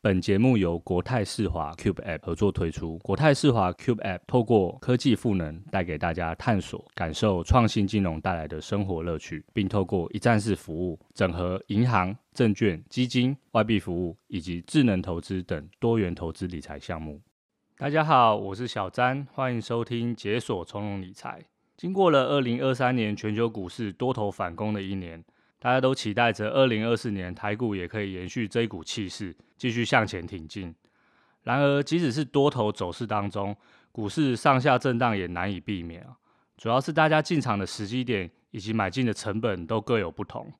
本節目由國泰世華 Cube App 合作推出。國泰世華 Cube App 透過科技賦能，帶給大家探索、感受創新金融帶來的生活樂趣，並透過一站式服務，整合銀行、證券、基金、外幣服務以及智能投資等多元投資理財項目。大家好，我是小詹，歡迎收聽《解鎖從容理財》。經過了二零二三年全球股市多頭反攻的一年。大家都期待着二零二四年台股也可以延續這一股氣勢，繼續向前挺進。然而，即使是多頭走勢當中，股市上下震盪也難以避免。主要是大家進場的時機點以及買進的成本都各有不同，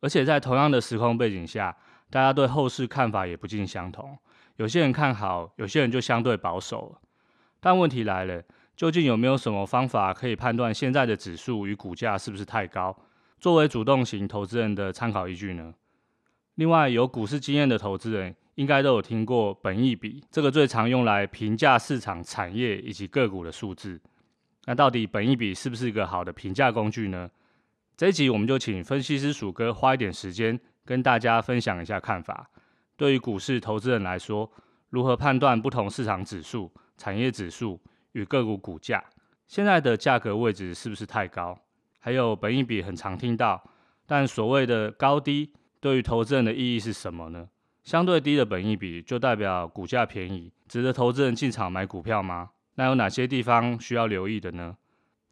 而且在同樣的時空背景下，大家對後市看法也不盡相同。有些人看好，有些人就相對保守了。但問題來了，究竟有沒有什麼方法可以判斷現在的指數與股價是不是太高？作為主動型投資人的參考依據呢？另外，有股市經驗的投資人應該都有聽過本益比這個最常用來評價市場、產業以及個股的數字。那到底本益比是不是一個好的評價工具呢？這一集我們就請分析師薯哥花一點時間跟大家分享一下看法。對於股市投資人來說，如何判斷不同市場指數、產業指數與個股股價現在的價格位置是不是太高？還有本益比很常聽到，但所謂的高低對於投資人的意義是什麼呢？相對低的本益比就代表股價便宜，值得投資人進場買股票嗎？那有哪些地方需要留意的呢？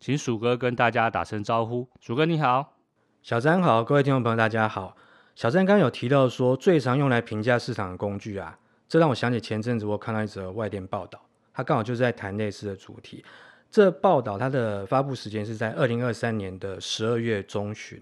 請薯哥跟大家打聲招呼，薯哥你好，小詹好，各位聽眾朋友大家好。小詹剛剛有提到說最常用來評價市場的工具啊，這讓我想起前陣子我看到一則外電報道，它剛好就是在談類似的主題。這報道它的發布時間是在二零二三年的十二月中旬。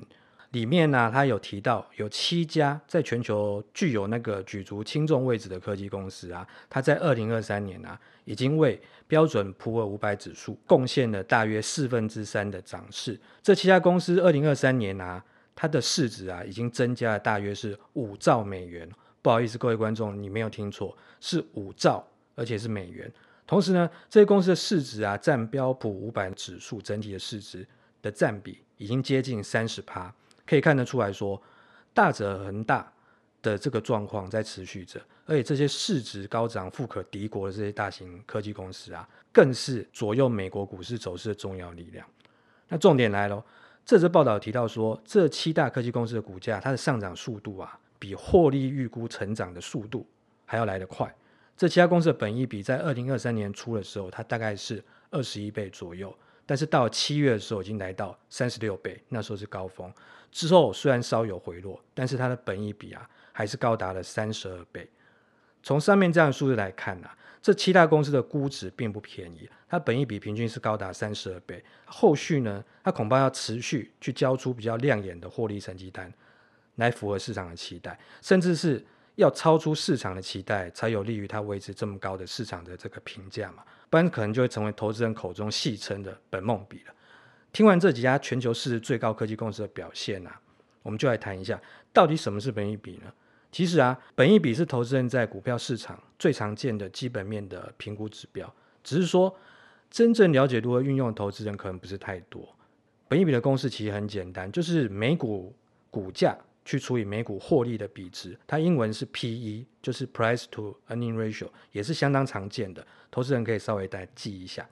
裡面呢、啊，它有提到有七家在全球具有那個舉足輕重位置的科技公司啊，它在二零二三年呢、啊，已經為標準普爾五百指數貢獻了大約四分之三的漲勢。這七家公司二零二三年呢、啊，它的市值啊，已經增加了大約是五兆美元。不好意思，各位觀眾，你沒有聽錯，是五兆，而且是美元。同時呢，這些公司的市值啊，佔標普五百指數整體的市值的佔比已經接近三十%，可以看得出來說，大者恆大的這個狀況在持續着。而且這些市值高漲、富可敵國的這些大型科技公司啊，更是左右美國股市走勢的重要力量。那重點來嘍，這則報道提到說，這七大科技公司的股價，它的上漲速度啊，比獲利預估成長的速度還要來得快。這七家公司的本益比在二零二三年初的時候，它大概是二十一倍左右，但是到了七月的時候已經來到三十六倍，那時候是高峰。之後雖然稍有回落，但是它的本益比啊，還是高達了三十二倍。從上面這樣的數字來看吶、啊，這七大公司的估值並不便宜，它本益比平均是高達三十二倍。後續呢，它恐怕要持續去交出比較亮眼的獲利成績單，來符合市場的期待，甚至是。要超出市場的期待，才有利於它維持這麼高的市場的這個評價嘛？不然可能就會成為投資人口中戲稱的本夢比了。聽完這幾家全球市值最高科技公司的表現啊，我們就來談一下，到底什麼是本益比呢？其實啊，本益比是投資人在股票市場最常見的基本面的評估指標，只是說真正了解如何運用的投資人可能不是太多。本益比的公式其實很簡單，就是每股股價。去除以每股獲利的比值，它英文是 P E，就是 Price to Earning Ratio，也是相當常見的。投資人可以稍微再記一下。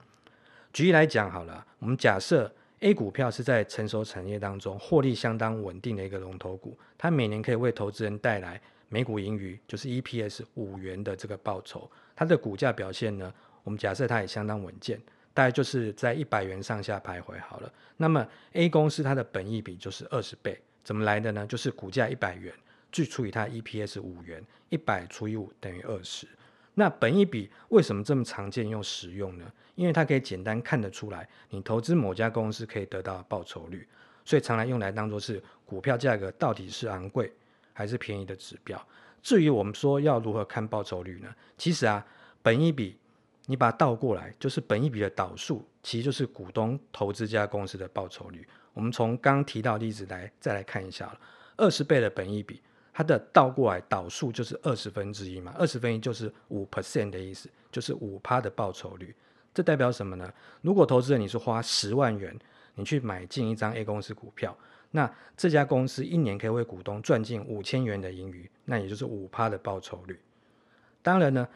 舉例來講好了，我們假設 A 股票是在成熟產業當中獲利相當穩定的一個龍頭股，它每年可以為投資人帶來每股盈餘，就是 E P S 五元的這個報酬。它的股價表現呢，我們假設它也相當穩健，大概就是在一百元上下徘徊好了。那麼 A 公司它的本益比就是二十倍。怎麼來的呢？就是股價一百元，去除以它 EPS 五元，一百除以五等於二十。那本益比為什麼這麼常見又實用呢？因為它可以簡單看得出來，你投資某家公司可以得到報酬率，所以常來用來當做是股票價格到底是昂貴還是便宜的指標。至於我們說要如何看報酬率呢？其實啊，本益比你把它倒過來，就是本益比的倒數，其實就是股東投資家公司的報酬率。我們從剛提到的例子來再來看一下了，二十倍的本益比，它的倒過來倒數，就是二十分之一嘛，二十分之一就是五 percent 的意思，就是五趴的報酬率。這代表什麼呢？如果投資人你是花十萬元，你去買進一張 A 公司股票，那這家公司一年可以為股東賺進五千元的盈餘，那也就是五趴的報酬率。當然呢，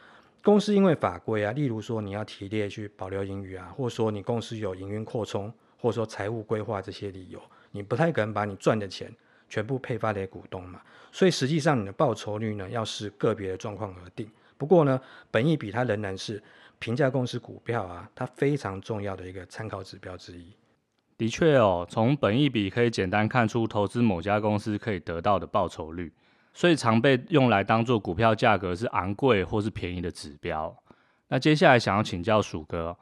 公司因為法規啊，例如說你要提列去保留盈餘啊，或說你公司有營運擴充。或者說財務規劃這些理由，你不太可能把你賺的錢全部配發給股東嘛。所以實際上你的報酬率呢，要視個別的狀況而定。不過呢，本益比它仍然是評價公司股票啊，它非常重要的一個參考指標之一。的確哦，從本益比可以簡單看出投資某家公司可以得到的報酬率，所以常被用來當做股票價格是昂貴或是便宜的指標。那接下來想要請教薯哥。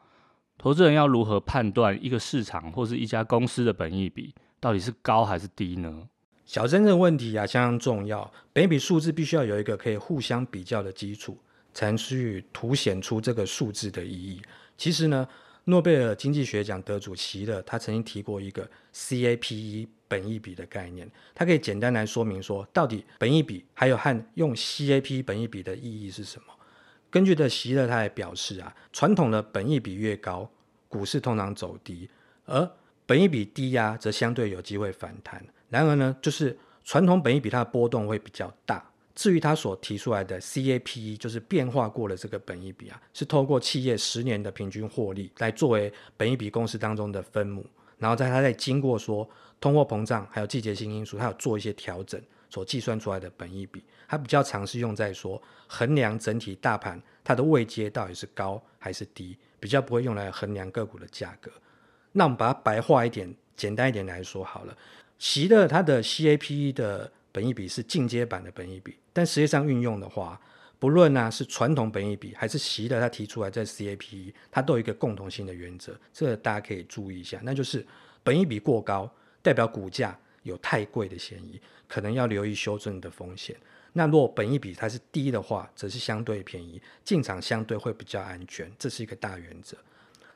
投資人要如何判斷一個市場或是一家公司的本益比到底是高還是低呢？小詹的問題啊，相當重要。本益比數字必須要有一個可以互相比較的基礎，才能去凸顯出這個數字的意義。其實呢，諾貝爾經濟學獎得主席勒他曾經提過一個 CAPE 本益比的概念。他可以簡單來說明說，到底本益比還有和用 CAPE 本益比的意義是什麼？根據的席勒，他還表示啊，傳統的本益比越高，股市通常走低；而本益比低壓則相對有機會反彈。然而呢，就是傳統本益比它的波動會比較大。至於他所提出來的 CAPE，就是變化過了這個本益比啊，是透過企業十年的平均獲利來作為本益比公式當中的分母，然後在它在經過說通貨膨脹還有季節性因素，它有做一些調整。所計算出來的本益比，它比較常是用在說衡量整體大盤它的位階到底是高還是低，比較不會用來衡量個股的價格。那我們把它白話一點、簡單一點來說好了。席勒它的 CAPE 的本益比是進階版的本益比，但實際上運用的話，不論呢、啊、是傳統本益比還是席勒它提出來在 CAPE，它都有一個共同性的原則，這個、大家可以注意一下，那就是本益比過高代表股價有太貴的嫌疑，可能要留意修正的風險。那若本益比它是低的話，則是相對便宜，進場相對會比較安全，這是一個大原則。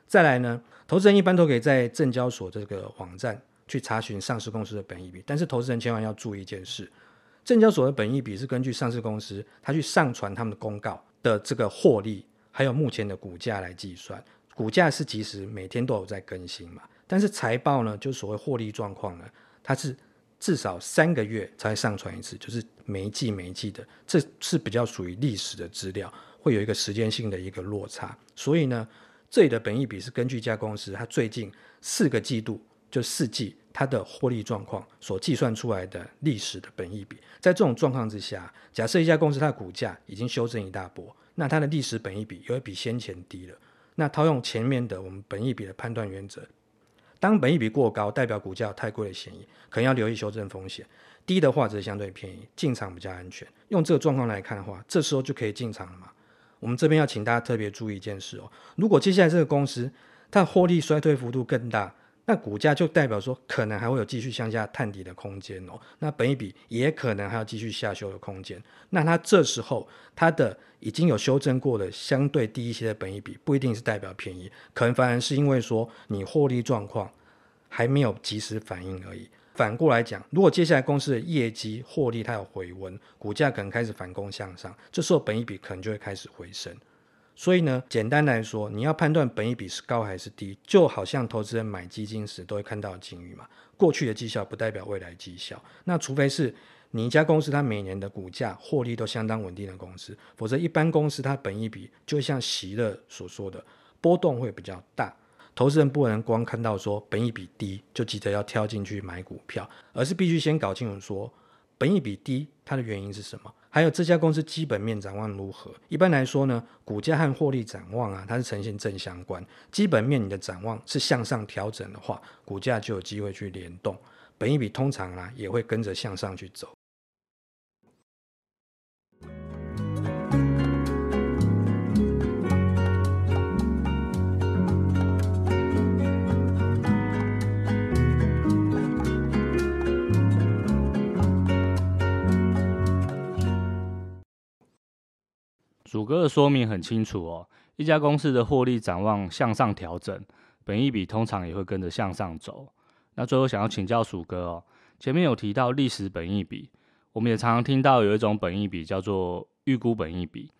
再來呢，投資人一般都可以在證交所這個網站去查詢上市公司的本益比，但是投資人千萬要注意一件事：證交所的本益比是根據上市公司他去上傳他們的公告的這個獲利，還有目前的股價來計算。股價是即時每天都有在更新嘛，但是財報呢，就所謂獲利狀況呢？它是至少三個月才上傳一次，就是每一季每一季的，這是比較屬於歷史的資料，會有一個時間性的一個落差。所以呢，這裡的本益比是根據一家公司它最近四個季度，就四季它的獲利狀況所計算出來的歷史的本益比。在這種狀況之下，假設一家公司它的股價已經修正一大波，那它的歷史本益比也會比先前低了。那套用前面的我們本益比的判斷原則。當本益比過高，代表股價有太貴的嫌疑，可能要留意修正風險。低的話，則相對便宜，進場比較安全。用這個狀況來看的話，這時候就可以進場了嘛。我們這邊要請大家特別注意一件事哦，如果接下來這個公司，它的獲利衰退幅度更大。那股價就代表說，可能還會有繼續向下探底的空間哦、喔。那本益比也可能還要繼續下修的空間。那它這時候它的已經有修正過的相對低一些的本益比不一定是代表便宜，可能反而是因為說你獲利狀況還沒有及時反應而已。反過來講，如果接下來公司的業績獲利它有回溫，股價可能開始反攻向上，這時候本益比可能就會開始回升。所以呢，簡單來說，你要判斷本益比是高還是低，就好像投資人買基金時都會看到淨值嘛。過去的績效不代表未來績效，那除非是你一家公司它每年的股價獲利都相當穩定的公司，否則一般公司它本益比就像席勒所說的波動會比較大。投資人不能光看到說本益比低就急着要跳進去買股票，而是必須先搞清楚說。本益比低，它的原因是什麼？還有這家公司基本面展望如何？一般來說呢，股價和獲利展望啊，它是呈現正相關。基本面你的展望是向上調整的話，股價就有機會去聯動。本益比通常啊，也會跟着向上去走。薯哥的說明很清楚哦，一家公司的獲利展望向上調整，本益比通常也會跟着向上走。那最後想要請教薯哥哦，前面有提到歷史本益比，我們也常常聽到有一種本益比叫做預估本益比，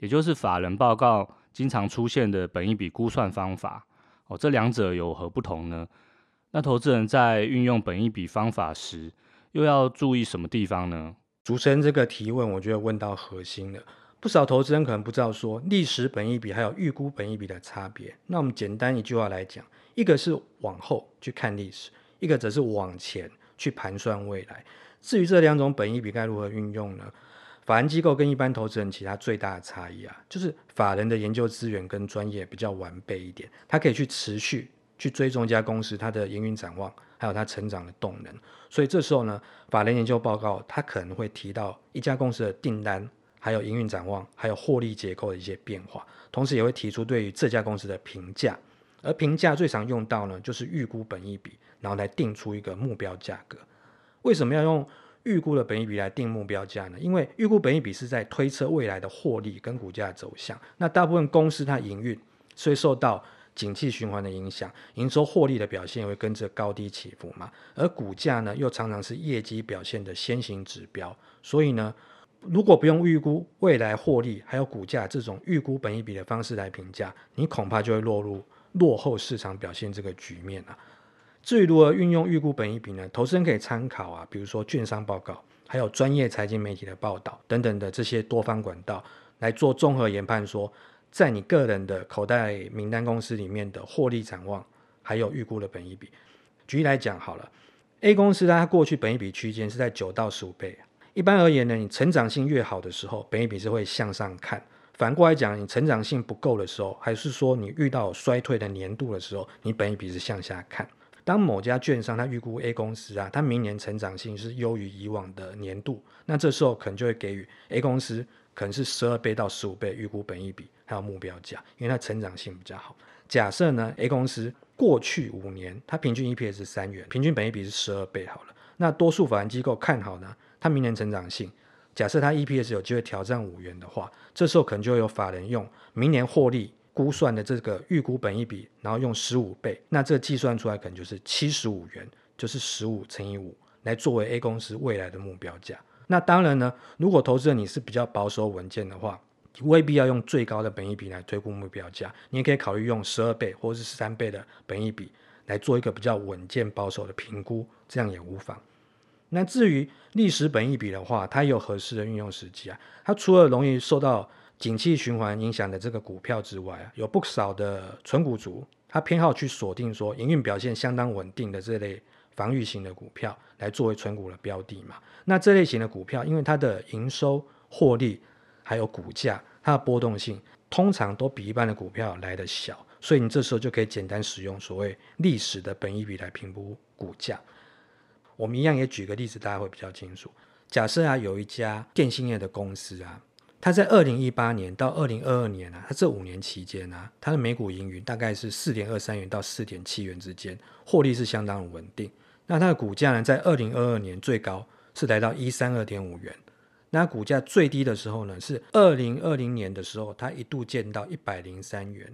也就是法人報告經常出現的本益比估算方法哦，這兩者有何不同呢？那投資人在運用本益比方法時，又要注意什麼地方呢？主持人這個提問，我覺得問到核心了。不少投資人可能不知道說歷史本益比還有預估本益比的差別。那我們簡單一句話來講，一個是往後去看歷史，一個則是往前去盤算未來。至於這兩種本益比該如何運用呢？法人機構跟一般投資人，其他最大的差異啊，就是法人的研究資源跟專業比較完備一點，他可以去持續去追蹤一家公司它的營運展望，還有它成長的動能。所以這時候呢，法人研究報告它可能會提到一家公司的訂單。還有營運展望，還有獲利結構的一些變化，同時也會提出對於這家公司的評價。而評價最常用到呢，就是預估本益比，然後來定出一個目標價格。為什麼要用預估的本益比來定目標價呢？因為預估本益比是在推測未來的獲利跟股價走向。那大部分公司它營運所以受到景氣循環的影響，營收獲利的表現也會跟着高低起伏嘛，而股價呢又常常是業績表現的先行指標，所以呢。如果不用預估未來獲利，還有股價這種預估本益比的方式來評價，你恐怕就會落入落後市場表現這個局面啊。至於如何運用預估本益比呢？投資人可以參考啊，比如說券商報告，還有專業財經媒體的報道等等的這些多方管道來做綜合研判說。說在你個人的口袋名單公司裡面的獲利展望，還有預估的本益比。舉例來講好了，A 公司它、啊、過去本益比區間是在九到十五倍。一般而言呢，你成長性越好的時候，本益比是會向上看。反過來講，你成長性不夠的時候，還是說你遇到衰退的年度的時候，你本益比是向下看。當某家券商他預估 A 公司啊，它明年成長性是優於以往的年度，那這時候可能就會給予 A 公司可能是十二倍到十五倍預估本益比還有目標價，因為它成長性比較好。假設呢，A 公司過去五年它平均 EPS 是三元，平均本益比是十二倍好了。那多數法人機構看好呢？它明年成長性，假設它 EPS 有機會挑戰五元的話，這時候可能就會有法人用明年獲利估算的這個預估本益比，然後用十五倍，那這計算出來可能就是七十五元，就是十五乘以五，來作為 A 公司未來的目標價。那當然呢，如果投資人你是比較保守穩健的話，未必要用最高的本益比來推估目標價，你也可以考慮用十二倍或者是十三倍的本益比來做一個比較穩健保守的評估，這樣也無妨。那至於歷史本益比的話，它有合適的運用時機啊。它除了容易受到景氣循環影響的這個股票之外，有不少的存股族，它偏好去鎖定說營運表現相當穩定的這類防禦型的股票來作為存股的標的嘛。那這類型的股票，因為它的營收獲利還有股價，它的波動性通常都比一般的股票來得小，所以你這時候就可以簡單使用所謂歷史的本益比來評估股價。我們一樣也舉個例子，大家會比較清楚。假設啊，有一家電信業的公司啊，它在二零一八年到二零二二年啊，它這五年期間啊，它的每股盈餘大概是四點二三元到四點七元之間，獲利是相當穩定。那它的股價呢，在二零二二年最高是來到一三二點五元，那股價最低的時候呢，是二零二零年的時候，它一度見到一百零三元。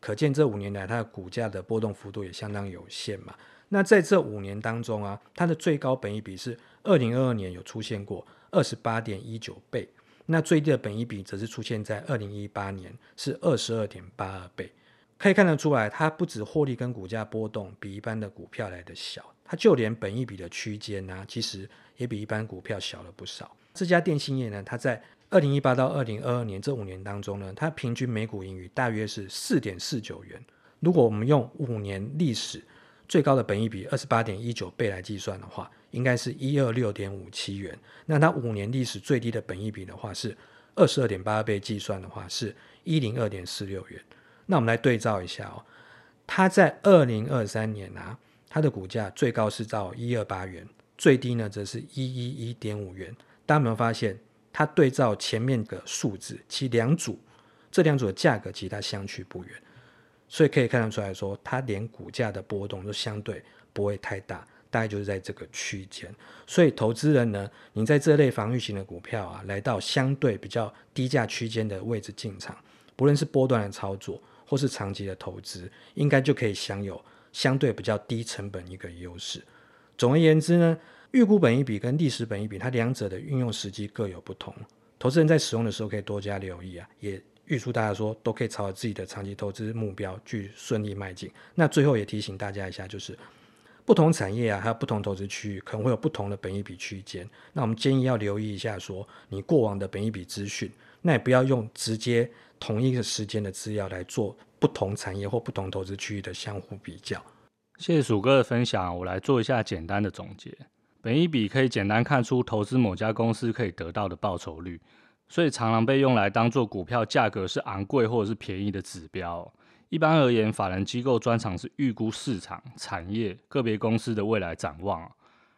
可見這五年來它的股價的波動幅度也相當有限嘛。那在這五年當中啊，它的最高本益比是二零二二年有出現過二十八點一九倍，那最低的本益比則是出現在二零一八年，是二十二點八二倍。可以看得出來，它不止獲利跟股價波動比一般的股票來得小，它就連本益比的區間呢、啊，其實也比一般股票小了不少。這家電信業呢，它在二零一八到二零二二年這五年當中呢，它平均每股盈餘大約是四點四九元。如果我們用五年歷史，最高的本益比二十八點一九倍來計算的話，應該是一二六點五七元。那它五年歷史最低的本益比的話是二十二點八倍，計算的話是一零二點四六元。那我們來對照一下哦，它在二零二三年啊，它的股價最高是到一二八元，最低呢則是一一一點五元。大家有沒有發現，它對照前面的數字，其兩組這兩組的價格其實它相去不遠。所以可以看得出來說，它連股價的波動都相對不會太大，大概就是在這個區間。所以投資人呢，你在這類防禦型的股票啊，來到相對比較低價區間的位置進場，不論是波段的操作或是長期的投資，應該就可以享有相對比較低成本一個優勢。總而言之呢，預估本益比跟歷史本益比，它兩者的運用時機各有不同，投資人在使用的時候可以多加留意啊，也。預祝大家說都可以朝着自己的長期投資目標去順利邁進。那最後也提醒大家一下，就是不同產業啊，還有不同投資區域，可能會有不同的本益比區間。那我們建議要留意一下說，說你過往的本益比資訊。那也不要用直接同一個時間的資料來做不同產業或不同投資區域的相互比較。謝謝薯哥的分享，我來做一下簡單的總結。本益比可以簡單看出投資某家公司可以得到的報酬率。所以，常常被用來當做股票價格是昂貴或者是便宜的指標哦。一般而言，法人機構專長是預估市場、產業、個別公司的未來展望。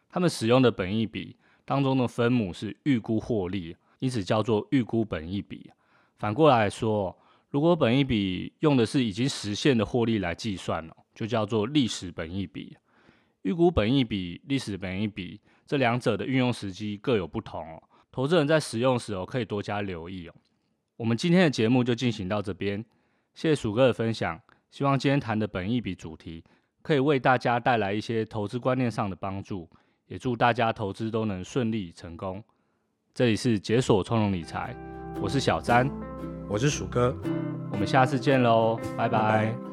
他們使用的本益比當中的分母是預估獲利，因此叫做預估本益比。反過來說，如果本益比用的是已經實現的獲利來計算了，就叫做歷史本益比。預估本益比、歷史本益比這兩者的運用時機各有不同。投資人，在使用時候可以多加留意哦。我們今天的節目就進行到這邊，謝謝薯哥的分享。希望今天談的本益比主題，可以為大家帶來一些投資觀念上的幫助。也祝大家投資都能順利成功。這裡是解鎖聰明理財，我是小詹，我是薯哥，我們下次見嘍，拜拜。拜拜